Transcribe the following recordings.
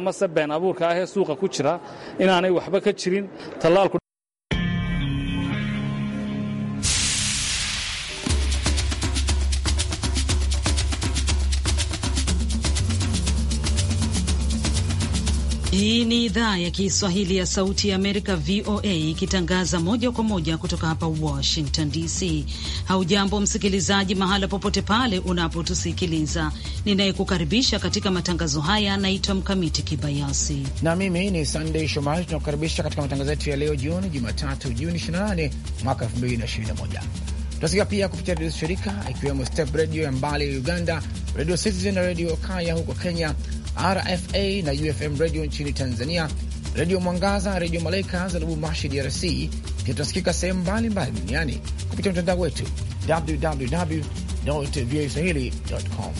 mase been abuurka ahee suuqa ku jira inaanay waxba ka jirin tallaalku ni idhaa ya Kiswahili ya Sauti ya Amerika, VOA, ikitangaza moja kwa moja kutoka hapa Washington DC. Haujambo msikilizaji, mahala popote pale unapotusikiliza. Ninayekukaribisha katika matangazo haya naitwa Mkamiti Kibayasi na mimi ni Sandey Shomari. Tunakukaribisha katika matangazo yetu ya leo jioni, Jumatatu Juni 28 mwaka 2021. Tunasikia pia kupitia redio shirika ikiwemo Step Redio ya Mbale ya Uganda, Redio Citizen na Redio Kaya huko Kenya, RFA na UFM redio nchini Tanzania, redio Mwangaza, redio Malaika za Lubumbashi, DRC. Pia tunasikika sehemu mbalimbali duniani kupitia mtandao wetu www voaswahili.com.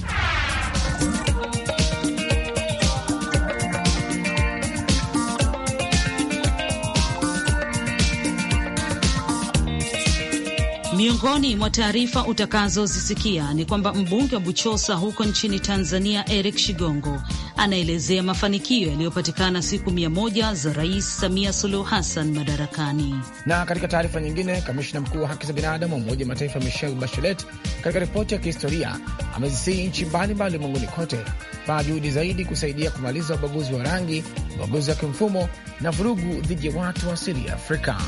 Miongoni mwa taarifa utakazozisikia ni kwamba mbunge wa Buchosa huko nchini Tanzania, Eric Shigongo, anaelezea mafanikio yaliyopatikana siku mia moja za Rais Samia Suluhu Hassan madarakani. Na katika taarifa nyingine, kamishna mkuu wa haki za binadamu wa Umoja Mataifa Michelle Bachelet, katika ripoti ya kihistoria amezisihi nchi mbalimbali ulimwenguni kote paa juhudi zaidi kusaidia kumaliza ubaguzi wa rangi, ubaguzi wa kimfumo na vurugu dhidi ya watu wa asili ya Afrika.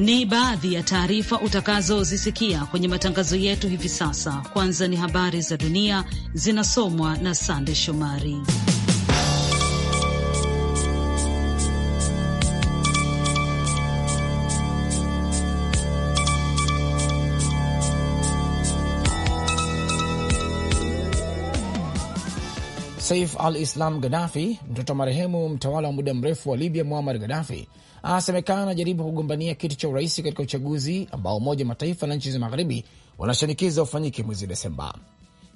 Ni baadhi ya taarifa utakazozisikia kwenye matangazo yetu hivi sasa. Kwanza ni habari za dunia zinasomwa na Sande Shomari. Saif al Islam Gaddafi, mtoto wa marehemu mtawala wa muda mrefu wa Libya Muammar Gaddafi anasemekana ah, anajaribu kugombania kiti cha urais katika uchaguzi ambao Umoja wa Mataifa na nchi za magharibi wanashinikiza ufanyike mwezi Desemba.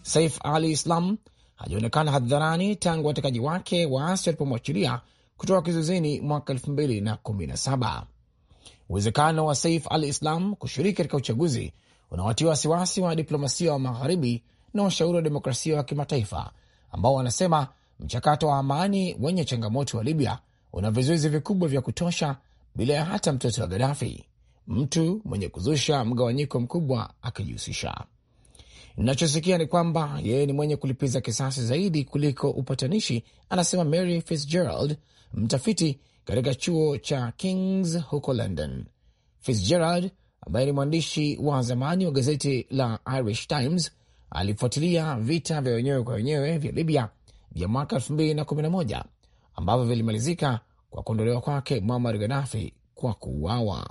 Saif Ali Islam hajaonekana hadharani tangu watekaji wake waasi walipomwachilia kutoka kizuizini mwaka 217 Uwezekano wa Saif Al Islam kushiriki katika uchaguzi unawatia wasiwasi wa diplomasia wa magharibi na washauri wa demokrasia wa kimataifa ambao wanasema mchakato wa amani wenye changamoto wa Libya una vizuizi vikubwa vya kutosha bila ya hata mtoto wa gadafi mtu mwenye kuzusha mgawanyiko mkubwa akijihusisha. Nachosikia ni kwamba yeye ni mwenye kulipiza kisasi zaidi kuliko upatanishi, anasema Mary Fitzgerald, mtafiti katika chuo cha Kings huko London. Fitzgerald ambaye ni mwandishi wa zamani wa gazeti la Irish Times alifuatilia vita vya wenyewe kwa wenyewe vya Libya vya mwaka 2011 ambavyo vilimalizika kwa kuondolewa kwake Muammar Gaddafi kwa kuuawa.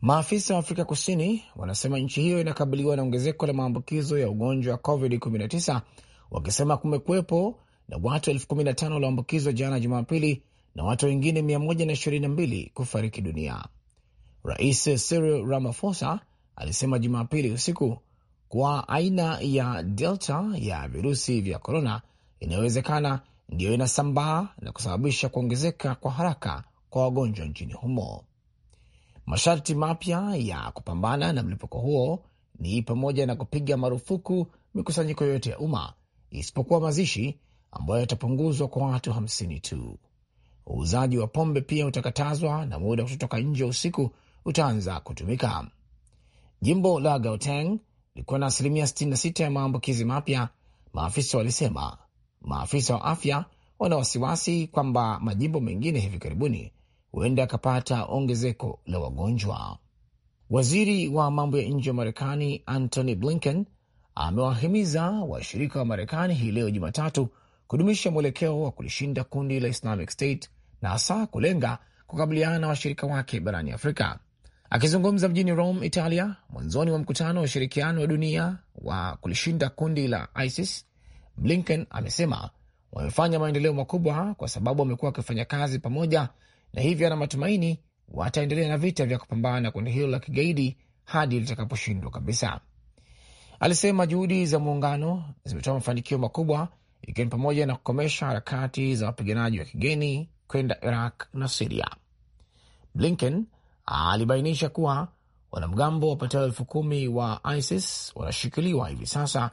Maafisa wa Afrika Kusini wanasema nchi hiyo inakabiliwa na ongezeko la maambukizo ya ugonjwa wa COVID-19, wakisema kumekuwepo na watu 15 walioambukizwa jana Jumapili na watu wengine 122 kufariki dunia. Rais Cyril Ramaphosa alisema Jumapili usiku kuwa aina ya Delta ya virusi vya korona inayowezekana ndiyo inasambaa na kusababisha kuongezeka kwa haraka kwa wagonjwa nchini humo. Masharti mapya ya kupambana na mlipuko huo ni pamoja na kupiga marufuku mikusanyiko yote ya umma isipokuwa mazishi ambayo yatapunguzwa kwa watu hamsini tu. Uuzaji wa pombe pia utakatazwa na muda wa kutotoka nje usiku utaanza kutumika. Jimbo la Gauteng likuwa na asilimia 66 ya maambukizi mapya, maafisa walisema Maafisa wa afya wana wasiwasi kwamba majimbo mengine hivi karibuni huenda akapata ongezeko la wagonjwa. Waziri wa mambo ya nje wa Marekani Antony Blinken amewahimiza washirika wa Marekani hii leo Jumatatu kudumisha mwelekeo wa kulishinda kundi la Islamic State na hasa kulenga kukabiliana na washirika wake barani Afrika. Akizungumza mjini Rome, Italia, mwanzoni wa mkutano wa ushirikiano wa dunia wa kulishinda kundi la ISIS Blinken amesema wamefanya maendeleo makubwa kwa sababu wamekuwa wakifanya kazi pamoja, na hivyo ana matumaini wataendelea na vita vya kupambana na kundi hilo la kigaidi hadi litakaposhindwa kabisa. Alisema juhudi za muungano zimetoa mafanikio makubwa, ikiwa ni pamoja na kukomesha harakati za wapiganaji wa kigeni kwenda Iraq na Siria. Blinken alibainisha kuwa wanamgambo wapatao elfu kumi wa ISIS wanashikiliwa hivi sasa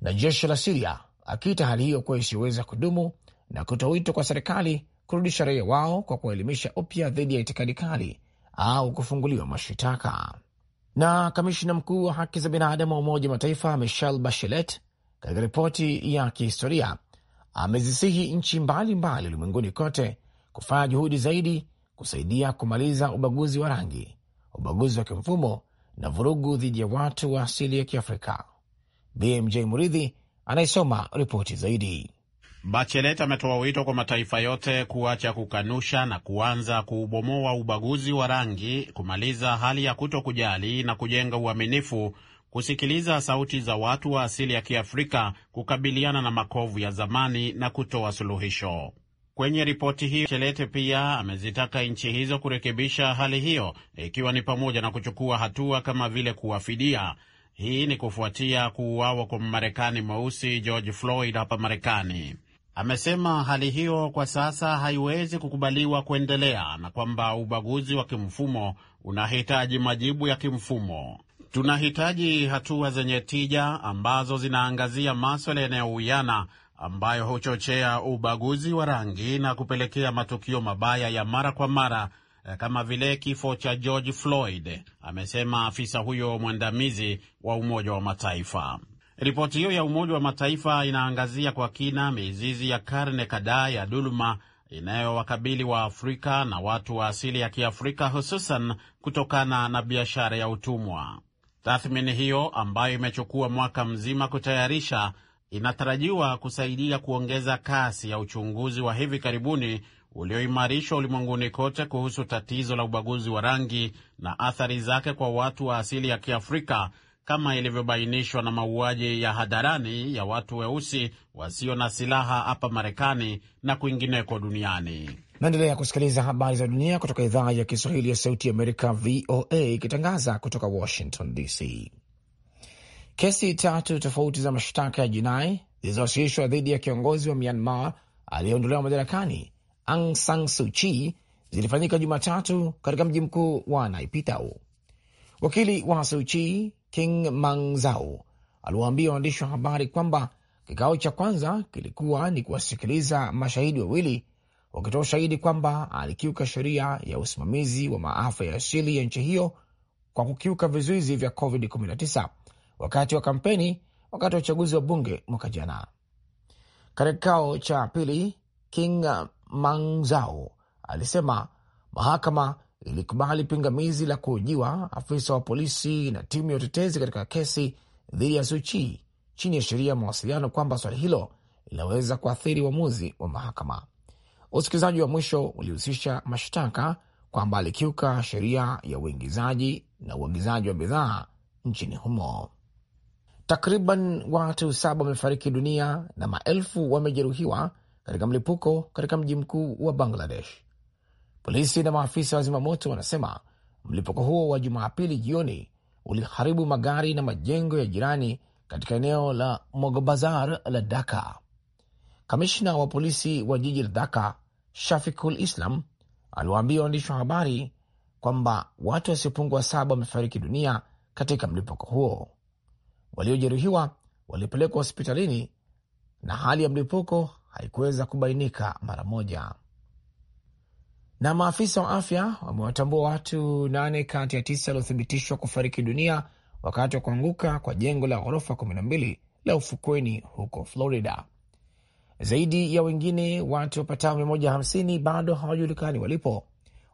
na jeshi la Siria akiita hali hiyo kuwa isiyoweza kudumu na kutoa wito kwa serikali kurudisha raia wao kwa kuwaelimisha upya dhidi ya itikadi kali au kufunguliwa mashitaka. Na kamishna mkuu wa haki za binadamu wa Umoja wa Mataifa Michelle Bachelet katika ripoti ya kihistoria amezisihi nchi mbalimbali ulimwenguni kote kufanya juhudi zaidi kusaidia kumaliza ubaguzi wa rangi, ubaguzi wa kimfumo na vurugu dhidi ya watu wa asili ya Kiafrika. BMJ Muridhi anayesoma ripoti zaidi. Bachelet ametoa wito kwa mataifa yote kuacha kukanusha na kuanza kuubomoa ubaguzi wa rangi, kumaliza hali ya kuto kujali na kujenga uaminifu, kusikiliza sauti za watu wa asili ya Kiafrika, kukabiliana na makovu ya zamani na kutoa suluhisho. Kwenye ripoti hiyo Chelete pia amezitaka nchi hizo kurekebisha hali hiyo, ikiwa ni pamoja na kuchukua hatua kama vile kuwafidia hii ni kufuatia kuuawa kwa Mmarekani mweusi George Floyd hapa Marekani. Amesema hali hiyo kwa sasa haiwezi kukubaliwa kuendelea na kwamba ubaguzi wa kimfumo unahitaji majibu ya kimfumo. Tunahitaji hatua zenye tija ambazo zinaangazia maswala yanayouiana ambayo huchochea ubaguzi wa rangi na kupelekea matukio mabaya ya mara kwa mara Eh, kama vile kifo cha George Floyd, amesema afisa huyo mwandamizi wa Umoja wa Mataifa. Ripoti hiyo ya Umoja wa Mataifa inaangazia kwa kina mizizi ya karne kadhaa ya dhuluma inayowakabili wa Afrika na watu wa asili ya Kiafrika, hususan kutokana na biashara ya utumwa. Tathmini hiyo ambayo imechukua mwaka mzima kutayarisha inatarajiwa kusaidia kuongeza kasi ya uchunguzi wa hivi karibuni ulioimarishwa ulimwenguni kote kuhusu tatizo la ubaguzi wa rangi na athari zake kwa watu wa asili ya Kiafrika kama ilivyobainishwa na mauaji ya hadharani ya watu weusi wasio na silaha hapa Marekani na kwingineko duniani. Naendelea kusikiliza habari za dunia kutoka idhaa ya Kiswahili ya Sauti Amerika, VOA, ikitangaza kutoka Washington DC. Kesi tatu tofauti za mashtaka ya jinai zilizowasilishwa dhidi ya kiongozi wa Myanmar aliyeondolewa madarakani Aung San Suu Kyi zilifanyika Jumatatu katika mji mkuu wa Naipitau. Wakili wa Suu Kyi, King Mangzau, aliwaambia waandishi wa habari kwamba kikao cha kwanza kilikuwa ni kuwasikiliza mashahidi wawili wakitoa ushahidi kwamba alikiuka sheria ya usimamizi wa maafa ya asili ya nchi hiyo kwa kukiuka vizuizi vya COVID-19 wakati wa kampeni wakati wa uchaguzi wa bunge mwaka jana. Katika kikao cha pili, King Mangzau alisema mahakama ilikubali pingamizi la kuhojiwa afisa wa polisi na timu ya utetezi katika kesi dhidi ya Suchi chini ya sheria ya mawasiliano kwamba swali hilo linaweza kuathiri uamuzi wa mahakama. Usikilizaji wa mwisho ulihusisha mashtaka kwamba alikiuka sheria ya uingizaji na uagizaji wa bidhaa nchini humo. Takriban watu saba wamefariki dunia na maelfu wamejeruhiwa katika mlipuko katika mji mkuu wa Bangladesh. Polisi na maafisa wa zimamoto wanasema mlipuko huo wa Jumapili jioni uliharibu magari na majengo ya jirani katika eneo la Mogobazar la Dhaka. Kamishna wa polisi wa jiji la Dhaka, Shafikul Islam, aliwaambia waandishi wa habari kwamba watu wasiopungua saba wamefariki dunia katika mlipuko huo. Waliojeruhiwa walipelekwa hospitalini na hali ya mlipuko haikuweza kubainika mara moja. Na maafisa wa afya wamewatambua watu nane kati ya tisa waliothibitishwa kufariki dunia wakati wa kuanguka kwa jengo la ghorofa 12 la ufukweni huko Florida. Zaidi ya wengine watu wapatao 150 bado hawajulikani walipo,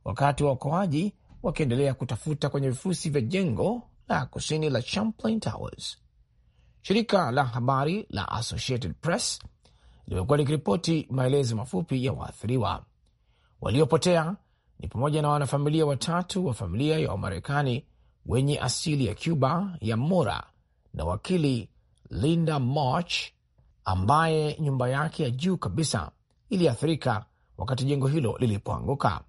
wakati wa waokoaji wakiendelea kutafuta kwenye vifusi vya jengo la kusini la Champlain Towers. Shirika la habari la Associated Press limekuwa likiripoti maelezo mafupi ya waathiriwa. Waliopotea ni pamoja na wanafamilia watatu wa familia ya Wamarekani wenye asili ya Cuba ya Mora na wakili Linda March ambaye nyumba yake ya juu kabisa iliathirika wakati jengo hilo lilipoanguka.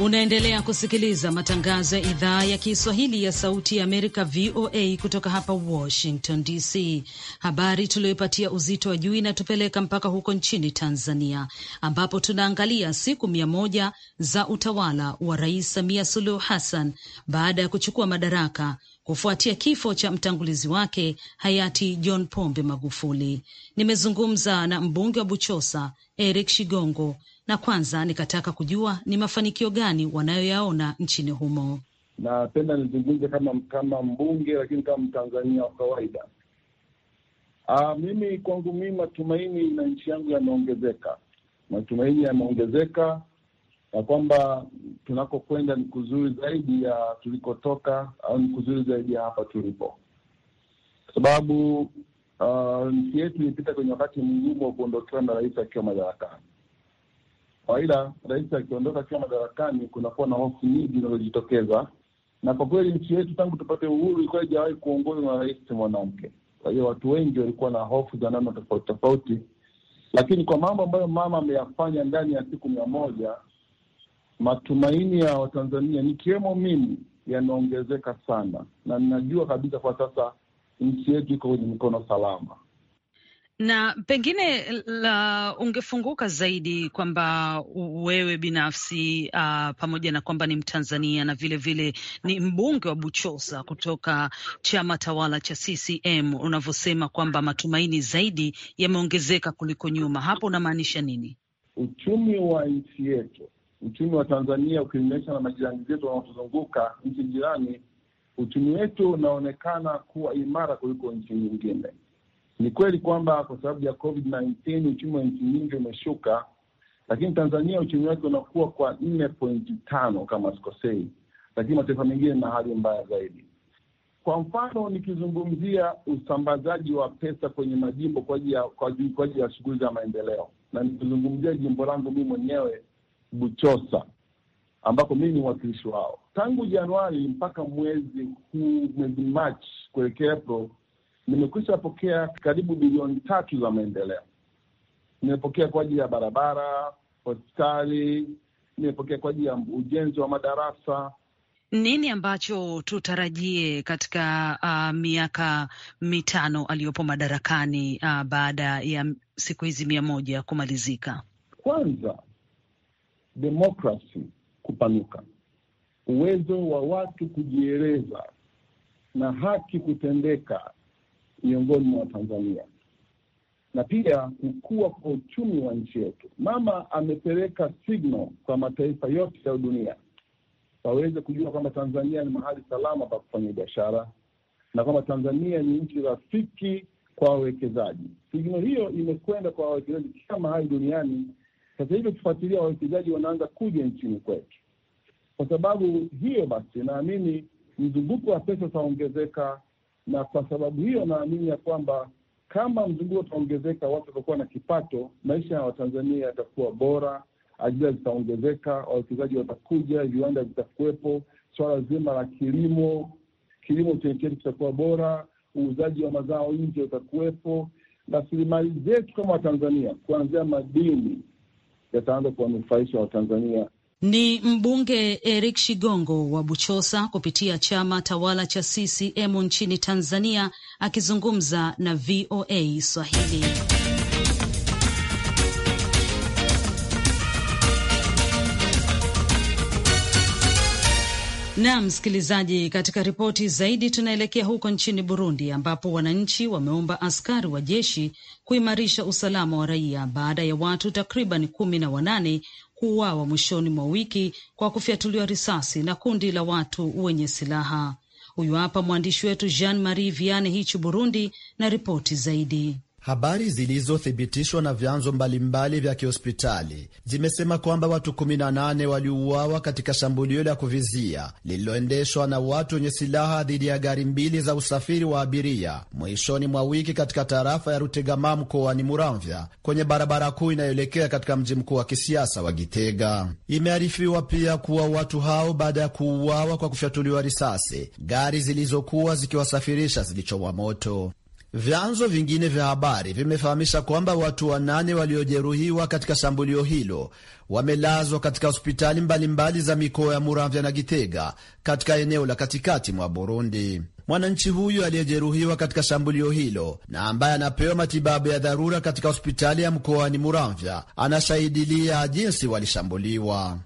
Unaendelea kusikiliza matangazo ya idhaa ya Kiswahili ya Sauti ya Amerika, VOA, kutoka hapa Washington DC. Habari tuliyoipatia uzito wa juu inatupeleka mpaka huko nchini Tanzania, ambapo tunaangalia siku mia moja za utawala wa Rais Samia Suluhu Hassan baada ya kuchukua madaraka, kufuatia kifo cha mtangulizi wake hayati John Pombe Magufuli. Nimezungumza na mbunge wa Buchosa Eric Shigongo, na kwanza nikataka kujua ni mafanikio gani wanayoyaona nchini humo. Napenda nizungumze kama kama mbunge, lakini kama mtanzania wa kawaida. Aa, ah, mimi kwangu mimi matumaini na nchi yangu yameongezeka, matumaini yameongezeka ya kwamba tunakokwenda ni kuzuri zaidi ya tulikotoka au ni kuzuri zaidi ya hapa tulipo, kwa sababu uh, nchi yetu imepita kwenye wakati mgumu wa kuondokewa na rais akiwa madarakani. Kawaida rais akiondoka akiwa madarakani, kunakuwa na hofu nyingi zinazojitokeza, na kwa kweli nchi yetu tangu tupate uhuru ilikuwa haijawahi kuongozwa na rais mwanamke. Kwa hiyo watu wengi walikuwa na hofu za namna tofauti tofauti, lakini kwa mambo ambayo mama ameyafanya ndani ya siku mia moja matumaini ya Watanzania nikiwemo mimi yanaongezeka sana, na ninajua kabisa kwa sasa nchi yetu iko kwenye mikono salama na pengine la ungefunguka zaidi kwamba wewe binafsi uh, pamoja na kwamba ni Mtanzania na vilevile vile ni mbunge wa Buchosa kutoka chama tawala cha CCM, unavyosema kwamba matumaini zaidi yameongezeka kuliko nyuma, hapo unamaanisha nini? Uchumi wa nchi yetu uchumi wa Tanzania ukilinganisha na majirani zetu wanaotuzunguka nchi jirani, uchumi wetu unaonekana kuwa imara kuliko nchi nyingine. Ni kweli kwamba kwa sababu ya COVID-19 uchumi wa nchi nyingi umeshuka, lakini Tanzania uchumi wake unakuwa kwa nne pointi tano kama sikosei, lakini mataifa mengine na hali mbaya zaidi. Kwa mfano nikizungumzia usambazaji wa pesa kwenye majimbo kwa ajili ya shughuli za maendeleo, na nikizungumzia jimbo langu mimi mwenyewe Buchosa ambako mimi ni mwakilishi wao tangu Januari mpaka mwezi huu, mwezi Machi kuelekea April, nimekwisha pokea karibu bilioni tatu za maendeleo. Nimepokea kwa ajili ya barabara, hospitali, nimepokea kwa ajili ya ujenzi wa madarasa. Nini ambacho tutarajie katika uh, miaka mitano aliyopo madarakani uh, baada ya siku hizi mia moja kumalizika? Kwanza demokrasi kupanuka, uwezo wa watu kujieleza na haki kutendeka miongoni mwa Watanzania na pia kukua kwa uchumi wa nchi yetu. Mama amepeleka signal kwa mataifa yote ya dunia waweze kujua kwamba Tanzania ni mahali salama pa kufanya biashara na kwamba Tanzania ni nchi rafiki kwa wawekezaji. Signal hiyo imekwenda kwa wawekezaji kila mahali duniani sasa hivi tufuatilia wawekezaji wanaanza kuja nchini kwetu. Kwa sababu hiyo basi, naamini mzunguko wa pesa utaongezeka, na kwa sababu hiyo naamini ya kwamba kama mzunguko utaongezeka, watu watakuwa na kipato, maisha ya Watanzania yatakuwa bora, ajira zitaongezeka, wawekezaji watakuja, viwanda vitakuwepo, swala zima la kilimo, kilimo chetu kitakuwa bora, uuzaji wa mazao nje utakuwepo, rasilimali zetu kama Watanzania kuanzia madini yataanza kuwanufaisha Watanzania. Ni mbunge Eric Shigongo wa Buchosa kupitia chama tawala cha CCM nchini Tanzania akizungumza na VOA Swahili. na msikilizaji, katika ripoti zaidi tunaelekea huko nchini Burundi ambapo wananchi wameomba askari wa jeshi kuimarisha usalama wa raia baada ya watu takriban kumi na wanane kuuawa mwishoni mwa wiki kwa kufyatuliwa risasi na kundi la watu wenye silaha. Huyu hapa mwandishi wetu Jean Marie Viane hichi Burundi na ripoti zaidi. Habari zilizothibitishwa na vyanzo mbalimbali vya kihospitali zimesema kwamba watu 18 waliuawa katika shambulio la kuvizia lililoendeshwa na watu wenye silaha dhidi ya gari mbili za usafiri wa abiria mwishoni mwa wiki katika tarafa ya Rutegama mkoani Muramvya kwenye barabara kuu inayoelekea katika mji mkuu wa kisiasa wa Gitega. Imearifiwa pia kuwa watu hao baada ya kuuawa kwa kufyatuliwa risasi, gari zilizokuwa zikiwasafirisha zilichomwa moto. Vyanzo vingine vya habari vimefahamisha kwamba watu wanane waliojeruhiwa katika shambulio hilo wamelazwa katika hospitali mbalimbali za mikoa ya Muramvya na Gitega katika eneo la katikati mwa Burundi. Mwananchi huyo aliyejeruhiwa katika shambulio hilo na ambaye anapewa matibabu ya dharura katika hospitali ya mkoani Muramvya anashahidilia jinsi walishambuliwa.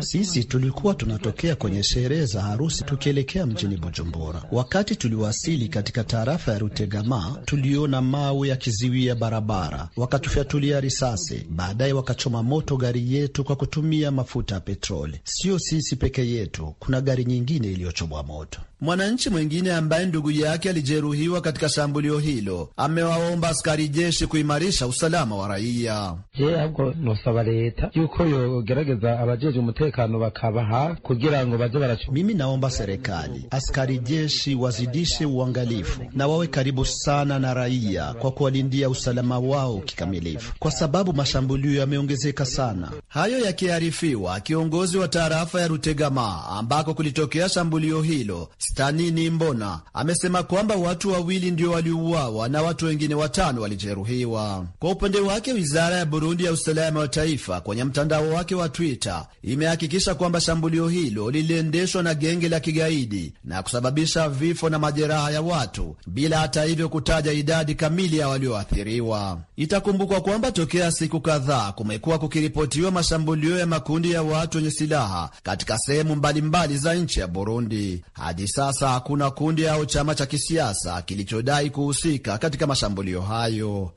Sisi tulikuwa tunatokea kwenye sherehe za harusi tukielekea mjini Bujumbura. Wakati tuliwasili katika tarafa ya Rutegama, tuliona mawe ya kiziwia barabara, wakatufyatulia risasi, baadaye wakachoma moto gari yetu kwa kutumia mafuta ya petroli. Sio sisi peke yetu, kuna gari nyingine iliyochomwa moto. Mwananchi mwingine ambaye ndugu yake alijeruhiwa katika shambulio hilo amewaomba askari jeshi kuimarisha usalama wa raia. ahubwo nosaba leta yuko yogerageza abajeje umutekano bakabaha kugira ngo baje baracho. Mimi naomba serikali, askari jeshi wazidishe uangalifu na wawe karibu sana na raia kwa kuwalindia usalama usalama wao kikamilifu, kwa sababu mashambulio yameongezeka sana. Hayo yakiarifiwa, kiongozi wa tarafa ya Rutegama ambako kulitokea shambulio hilo, Stanini Mbona amesema kwamba watu wawili ndio waliuawa na watu wengine watano walijeruhiwa. Kwa upande wake, wizara ya Burundi ya usalama wa taifa kwenye mtandao wake wa Twitter imehakikisha kwamba shambulio hilo liliendeshwa na genge la kigaidi na kusababisha vifo na majeraha ya watu bila hata hivyo kutaja idadi kamili ya walioathiriwa kuathiriwa. Itakumbukwa kwamba tokea siku kadhaa kumekuwa kukiripotiwa mashambulio ya makundi ya watu wenye silaha katika sehemu mbalimbali za nchi ya Burundi. Hadi sasa hakuna kundi au chama cha kisiasa kilichodai kuhusika katika mashambulio hayo.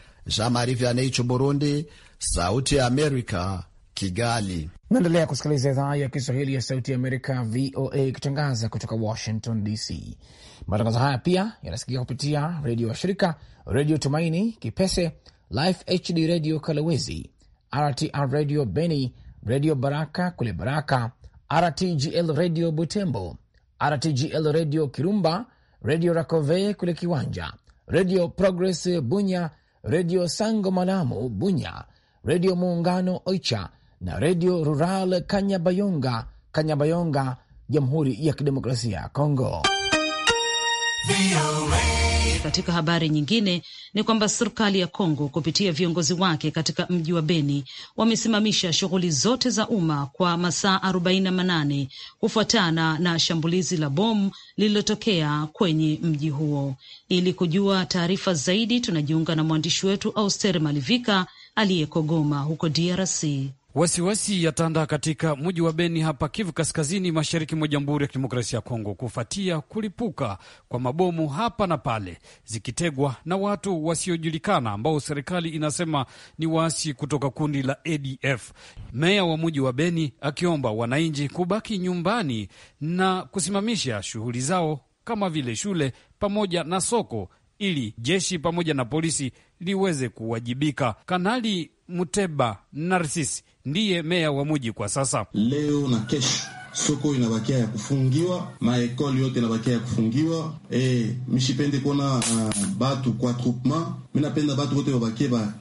Burundi, Sauti ya Amerika, Kigali. Naendelea kusikiliza idhaa ya Kiswahili ya Sauti ya Amerika, VOA, ikitangaza kutoka Washington DC. Matangazo haya pia yanasikika kupitia redio wa shirika Redio Tumaini Kipese, Life HD Redio Kalewezi, RTR Redio Beni, Redio Baraka kule Baraka, RTGL Redio Butembo, RTGL Redio Kirumba, Redio Rakove kule Kiwanja, Redio Progress Bunya, Redio Sango Malamu Bunya, Redio Muungano Oicha na Redio Rural Kanyabayonga Kanyabayonga, Jamhuri ya Kidemokrasia ya Kongo. Katika habari nyingine ni kwamba serikali ya Kongo kupitia viongozi wake katika mji wa Beni wamesimamisha shughuli zote za umma kwa masaa 48 na manane kufuatana na shambulizi la bomu lililotokea kwenye mji huo. Ili kujua taarifa zaidi, tunajiunga na mwandishi wetu Auster Malivika aliyeko Goma huko DRC. Wasiwasi yatanda katika mji wa Beni hapa Kivu Kaskazini, mashariki mwa Jamhuri ya Kidemokrasia ya Kongo, kufuatia kulipuka kwa mabomu hapa na pale, zikitegwa na watu wasiojulikana ambao serikali inasema ni waasi kutoka kundi la ADF. Meya wa mji wa Beni akiomba wananchi kubaki nyumbani na kusimamisha shughuli zao kama vile shule pamoja na soko ili jeshi pamoja na polisi liweze kuwajibika. Kanali Muteba Narsisi ndiye meya wa muji kwa sasa. Leo na kesho soko inabakia ya kufungiwa, maekoli yote inabakia ya kufungiwa. E, mishipende kuona uh, batu kwa troupement. Minapenda batu wote wabakie ba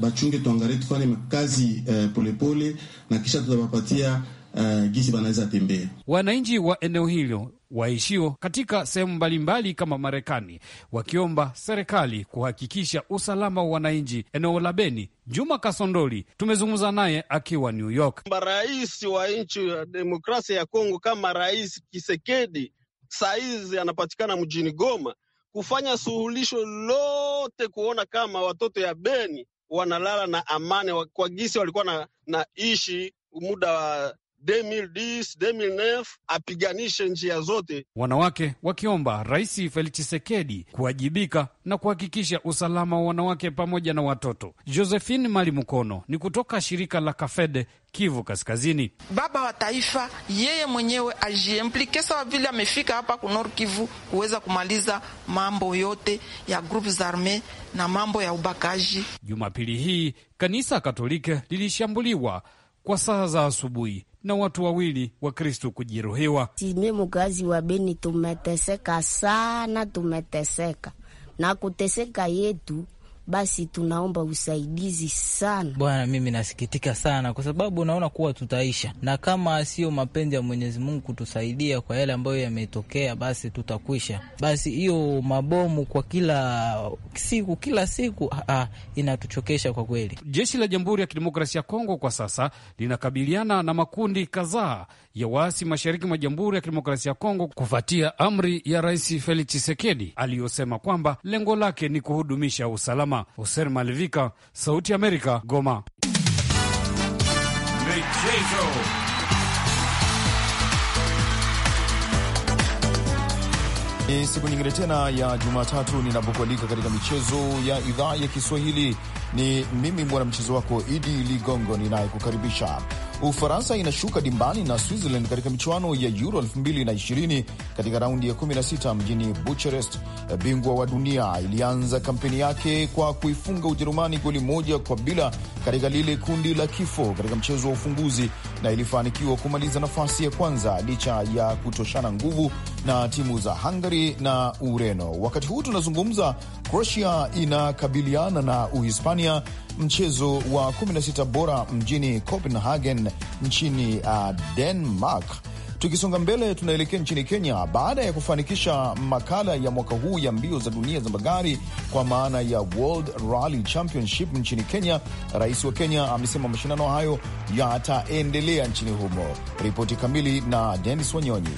bachunge, tuangalie tufanye makazi uh, polepole na kisha tutabapatia uh, wanaweza tembea. Wananchi wa eneo hilo waishio katika sehemu mbalimbali kama Marekani wakiomba serikali kuhakikisha usalama wa wananchi eneo la Beni. Juma Kasondoli tumezungumza naye akiwa New York. Rais wa nchi ya demokrasia ya Kongo kama Rais Kisekedi saizi anapatikana mjini Goma kufanya suluhisho lote kuona kama watoto ya Beni wanalala na amani kwa gisi walikuwa na, na ishi muda wa 2010, 2009 apiganishe njia zote. Wanawake wakiomba Rais Felix Tshisekedi kuwajibika na kuhakikisha usalama wa wanawake pamoja na watoto. Josephine Mali Mukono ni kutoka shirika la Kafede Kivu Kaskazini. Baba wa taifa yeye mwenyewe ajiemplike sawa vile amefika hapa kunor Kivu kuweza kumaliza mambo yote ya grupu za arme na mambo ya ubakaji. Jumapili hii kanisa katolike lilishambuliwa kwa saa za asubuhi na watu wawili wa kristu kujeruhiwa. Sime mkazi wa Beni, tumeteseka sana, tumeteseka na kuteseka yetu basi tunaomba usaidizi sana Bwana. Mimi nasikitika sana, kwa sababu naona kuwa tutaisha, na kama sio mapenzi ya Mwenyezi Mungu kutusaidia kwa yale ambayo yametokea, basi tutakwisha. Basi hiyo mabomu kwa kila siku kila siku ah, ah, inatuchokesha kwa kweli. Jeshi la Jamhuri ya Kidemokrasia ya Kongo kwa sasa linakabiliana na makundi kadhaa ya waasi mashariki mwa Jamhuri ya Kidemokrasia ya Kongo kufuatia amri ya Rais Felix Tshisekedi aliyosema kwamba lengo lake ni kuhudumisha usalama. Hosen Malivika, Sauti Amerika, Goma. Michezo. Ni siku nyingine tena ya Jumatatu ninapokualika katika michezo ya idhaa ya Kiswahili. Ni mimi mwanamchezo wako Idi Ligongo ninayekukaribisha. Ufaransa inashuka dimbani na Switzerland katika michuano ya Euro 2020 katika raundi ya 16 mjini Bucharest. Bingwa wa dunia ilianza kampeni yake kwa kuifunga Ujerumani goli moja kwa bila katika lile kundi la kifo katika mchezo wa ufunguzi, na ilifanikiwa kumaliza nafasi ya kwanza licha ya kutoshana nguvu na timu za Hungary na Ureno. Wakati huu tunazungumza, Croatia inakabiliana na Uhispania mchezo wa 16 bora mjini Copenhagen nchini uh, Denmark. Tukisonga mbele tunaelekea nchini Kenya. Baada ya kufanikisha makala ya mwaka huu ya mbio za dunia za magari kwa maana ya World Rally Championship nchini Kenya, rais wa Kenya amesema mashindano hayo yataendelea nchini humo. Ripoti kamili na Denis Wanyonyi.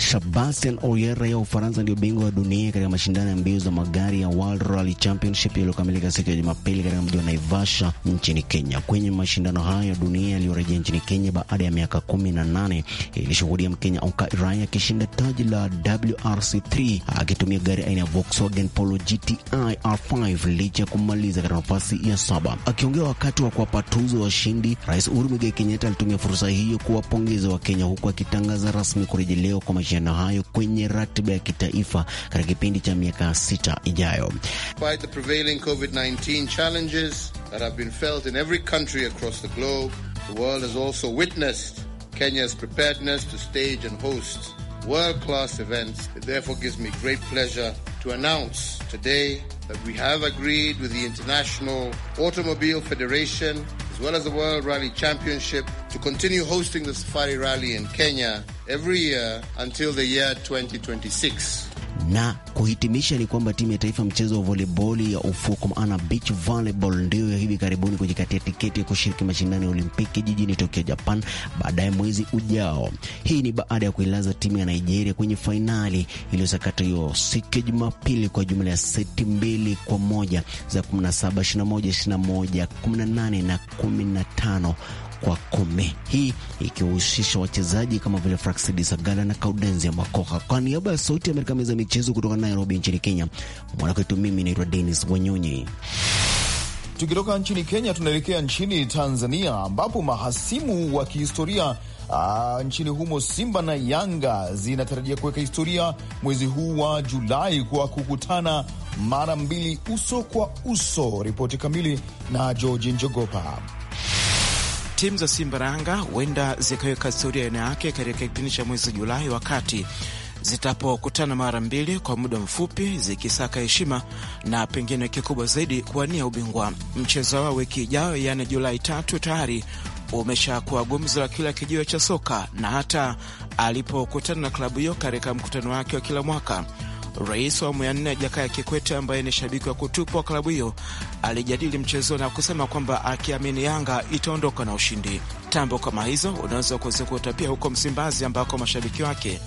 Sebastian Ogier raia wa Ufaransa ndio bingwa wa dunia katika mashindano ya mbio za magari ya World Rally Championship yaliyokamilika siku ya Jumapili katika mji wa Naivasha nchini Kenya. Kwenye mashindano hayo ya dunia yaliyorejea nchini Kenya baada ya miaka kumi na nane eh, ilishuhudia Mkenya Onka Rai akishinda taji la WRC3 akitumia gari aina ya Volkswagen Polo GTI R5 licha ya kumaliza katika nafasi ya saba. Akiongea wakati wa kuwapa tuzo washindi, Rais Uhuru Muigai Kenyatta alitumia fursa hiyo kuwapongeza Wakenya huku akitangaza rasmi kurejelewa kwa Despite the prevailing COVID-19 challenges that have been felt in every country across the globe, the world has also witnessed Kenya's preparedness to stage and host world-class events. It therefore gives me great pleasure to announce today that we have agreed with the International Automobile Federation as well as the World Rally Championship, to continue hosting the Safari Rally in Kenya every year until the year 2026. na kuhitimisha ni kwamba timu ya taifa mchezo wa volleyball ya ufuko maana beach volleyball ndio ya hivi karibuni kujikatia tiketi ya kushiriki mashindano ya Olimpiki jijini Tokyo, Japan baadaye mwezi ujao. Hii ni baada ya kuilaza timu ya Nigeria kwenye fainali iliyosakata hiyo siku ya Jumapili kwa jumla ya seti mbili kwa moja za 17, 21, 21, 18 na 15 kwa kumi, hii ikiwahusisha wachezaji kama vile Fraksidi Sagala na Kaudenzi Makoha. Kwa niaba ya Sauti ya Amerika, meza michezo kutoka Nairobi nchini Kenya, mwanakwetu, mimi naitwa Denis Wanyonyi. Tukitoka nchini Kenya tunaelekea nchini Tanzania ambapo mahasimu wa kihistoria Aa, ah, nchini humo Simba na Yanga zinatarajia kuweka historia mwezi huu wa Julai kwa kukutana mara mbili uso kwa uso. Ripoti kamili na George Njogopa timu za Simba na Yanga huenda zikaweka historia aina yake katika kipindi cha mwezi Julai wakati zitapokutana mara mbili kwa muda mfupi zikisaka heshima na pengine kikubwa zaidi kuwania ubingwa. Mchezo wao wiki ijayo, yaani Julai tatu, tayari umeshakuwa gumzo la kila kijiwe cha soka, na hata alipokutana na klabu hiyo katika mkutano wake wa kila mwaka Rais wa awamu ya nne Jakaya Kikwete, ambaye ni shabiki wa kutupwa klabu hiyo, alijadili mchezo na kusema kwamba akiamini Yanga itaondoka na ushindi. Tambo kama hizo unaweza kuzikuta pia huko Msimbazi, ambako mashabiki wake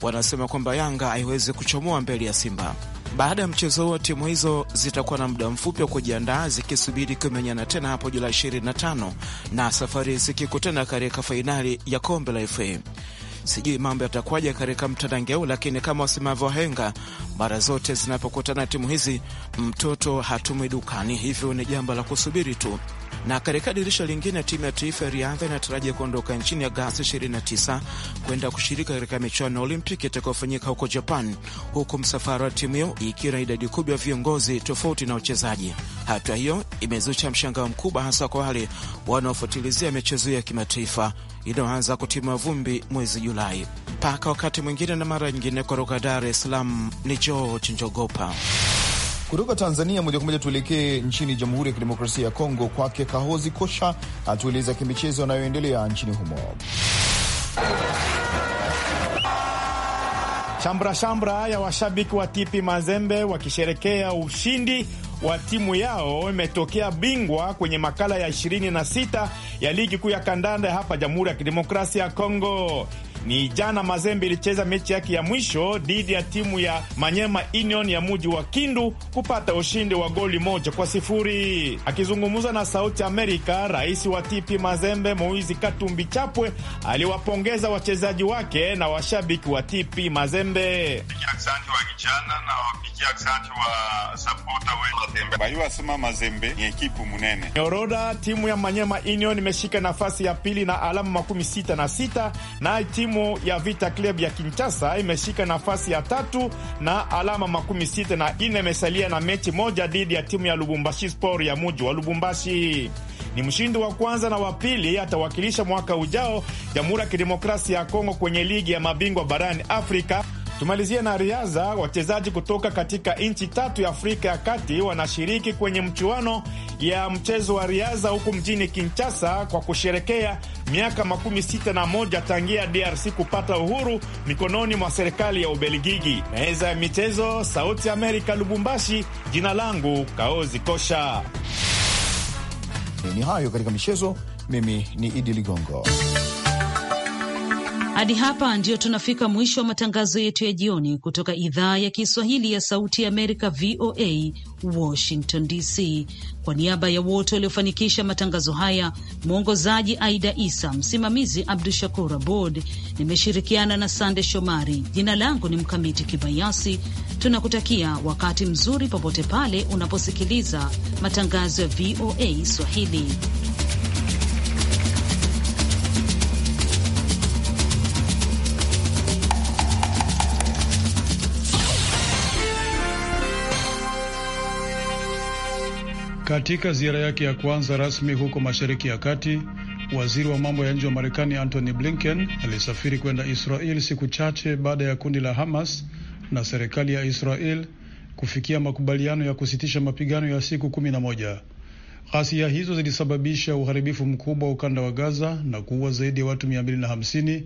wanasema kwamba Yanga haiwezi kuchomoa mbele ya Simba. Baada ya mchezo huo, timu hizo zitakuwa na muda mfupi wa kujiandaa zikisubiri kumenyana tena hapo Julai 25 na safari zikikutana katika fainali ya kombe la FA. Sijui mambo yatakuwaja katika mtanangeu, lakini kama wasemavyo wahenga, mara zote zinapokutana timu hizi, mtoto hatumwi dukani. Hivyo ni jambo la kusubiri tu. Na katika dirisha lingine, timu ya taifa ya riadha inatarajia kuondoka nchini Agasti 29 kwenda kushiriki katika michuano ya Olimpiki itakayofanyika huko Japan, huku msafara wa timu hiyo ikiwa na idadi kubwa ya viongozi tofauti na wachezaji. Hatua hiyo imezusha mshangao mkubwa, hasa kwa wale wanaofuatilizia michezo hiyo ya kimataifa inayoanza kutima vumbi mwezi Julai. Mpaka wakati mwingine na mara nyingine, kutoka Dar es Salaam ni George Njogopa. Kutoka Tanzania moja kwa moja tuelekee nchini Jamhuri ya Kidemokrasia ya Kongo, kwake Kahozi Kosha atueleza kimichezo anayoendelea nchini humo. shambra shambra ya washabiki wa Tipi Mazembe wakisherekea ushindi wa timu yao imetokea bingwa kwenye makala ya 26 ya ligi kuu ya kandanda hapa Jamhuri ya Kidemokrasia ya Kongo. Ni jana Mazembe ilicheza mechi yake ya mwisho dhidi ya timu ya Manyema Union ya muji wa Kindu kupata ushindi wa goli moja kwa sifuri. Akizungumza na Sauti Amerika, rais wa TP Mazembe Moizi Katumbi Chapwe aliwapongeza wachezaji wake na washabiki wa TP Mazembe. Asante timu ya Manyema Union imeshika nafasi ya pili na alama makumi sita na sita na timu timu ya Vita Club ya Kinshasa imeshika nafasi ya tatu na alama makumi sita na nne imesalia na mechi moja dhidi ya timu ya Lubumbashi Sport ya muji wa Lubumbashi. Ni mshindi wa kwanza na wa pili atawakilisha mwaka ujao Jamhuri ya Kidemokrasia ya Kongo kwenye ligi ya mabingwa barani Afrika Tumalizia na riadha. Wachezaji kutoka katika nchi tatu ya Afrika ya Kati wanashiriki kwenye mchuano ya mchezo wa riadha huku mjini Kinshasa kwa kusherekea miaka makumi sita na moja tangia DRC kupata uhuru mikononi mwa serikali ya Ubelgiji. Meza ya michezo, Sauti Amerika, Lubumbashi. Jina langu Kaozi Kosha. Ni hayo katika michezo. Mimi ni Idi Ligongo. Hadi hapa ndio tunafika mwisho wa matangazo yetu ya jioni kutoka idhaa ya Kiswahili ya Sauti ya Amerika, VOA Washington DC. Kwa niaba ya wote waliofanikisha matangazo haya, mwongozaji Aida Isa, msimamizi Abdu Shakur Abod, nimeshirikiana na Sande Shomari. Jina langu ni Mkamiti Kibayasi. Tunakutakia wakati mzuri popote pale unaposikiliza matangazo ya VOA Swahili. Katika ziara yake ya kwanza rasmi huko Mashariki ya Kati, waziri wa mambo ya nje wa Marekani Antony Blinken alisafiri kwenda Israel siku chache baada ya kundi la Hamas na serikali ya Israel kufikia makubaliano ya kusitisha mapigano ya siku kumi na moja. Ghasia hizo zilisababisha uharibifu mkubwa wa ukanda wa Gaza na kuua zaidi ya watu hamsini,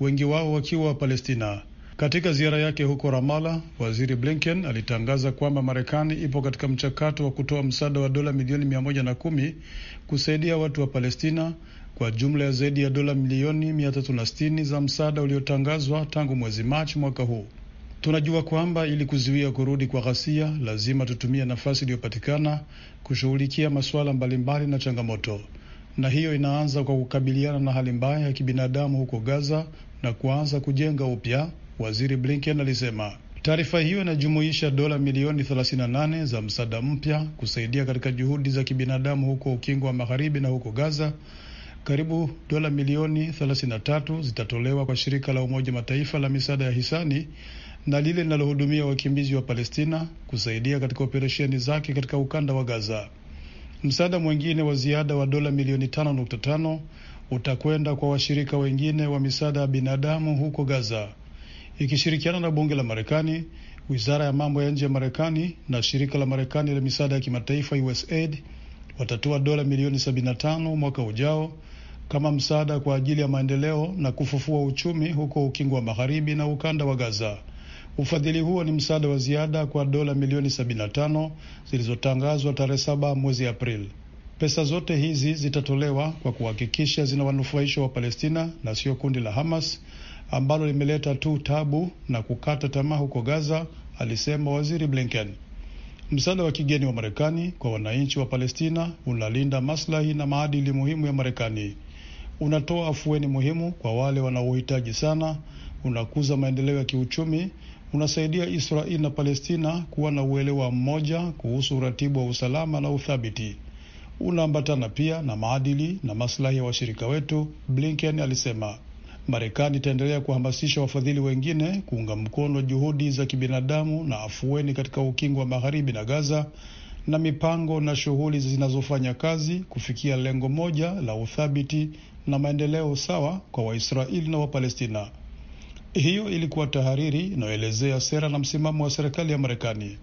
wengi wao wakiwa palestina katika ziara yake huko Ramala, waziri Blinken alitangaza kwamba Marekani ipo katika mchakato wa kutoa msaada wa dola milioni mia moja na kumi kusaidia watu wa Palestina kwa jumla ya zaidi ya dola milioni mia tatu na sitini za msaada uliotangazwa tangu mwezi Machi mwaka huu. Tunajua kwamba ili kuzuia kurudi kwa ghasia, lazima tutumie nafasi iliyopatikana kushughulikia masuala mbalimbali na changamoto, na hiyo inaanza kwa kukabiliana na hali mbaya ya kibinadamu huko Gaza na kuanza kujenga upya Waziri Blinken alisema taarifa hiyo inajumuisha dola milioni 38 za msaada mpya kusaidia katika juhudi za kibinadamu huko Ukingo wa Magharibi na huko Gaza. Karibu dola milioni 33 zitatolewa kwa shirika la Umoja Mataifa la misaada ya hisani na lile linalohudumia wakimbizi wa Palestina kusaidia katika operesheni zake katika ukanda wa Gaza. Msaada mwingine wa ziada wa dola milioni 5.5 utakwenda kwa washirika wengine wa misaada ya binadamu huko Gaza ikishirikiana na bunge la Marekani, wizara ya mambo ya nje ya Marekani na shirika la Marekani la misaada ya kimataifa USAID watatoa dola milioni 75 mwaka ujao kama msaada kwa ajili ya maendeleo na kufufua uchumi huko ukingo wa magharibi na ukanda wa Gaza. Ufadhili huo ni msaada wa ziada kwa dola milioni 75 zilizotangazwa tarehe 7 mwezi Aprili. Pesa zote hizi zitatolewa kwa kuhakikisha zinawanufaisha wa Palestina na sio kundi la Hamas ambalo limeleta tu tabu na kukata tamaa huko Gaza, alisema Waziri Blinken. Msaada wa kigeni wa Marekani kwa wananchi wa Palestina unalinda maslahi na maadili muhimu ya Marekani, unatoa afueni muhimu kwa wale wanaohitaji sana, unakuza maendeleo ya kiuchumi, unasaidia Israeli na Palestina kuwa na uelewa mmoja kuhusu uratibu wa usalama na uthabiti, unaambatana pia na maadili na maslahi ya washirika wetu, Blinken alisema. Marekani itaendelea kuhamasisha wafadhili wengine kuunga mkono juhudi za kibinadamu na afueni katika ukingo wa magharibi na Gaza na mipango na shughuli zinazofanya kazi kufikia lengo moja la uthabiti na maendeleo sawa kwa Waisraeli na Wapalestina. Hiyo ilikuwa tahariri inayoelezea sera na msimamo wa serikali ya Marekani.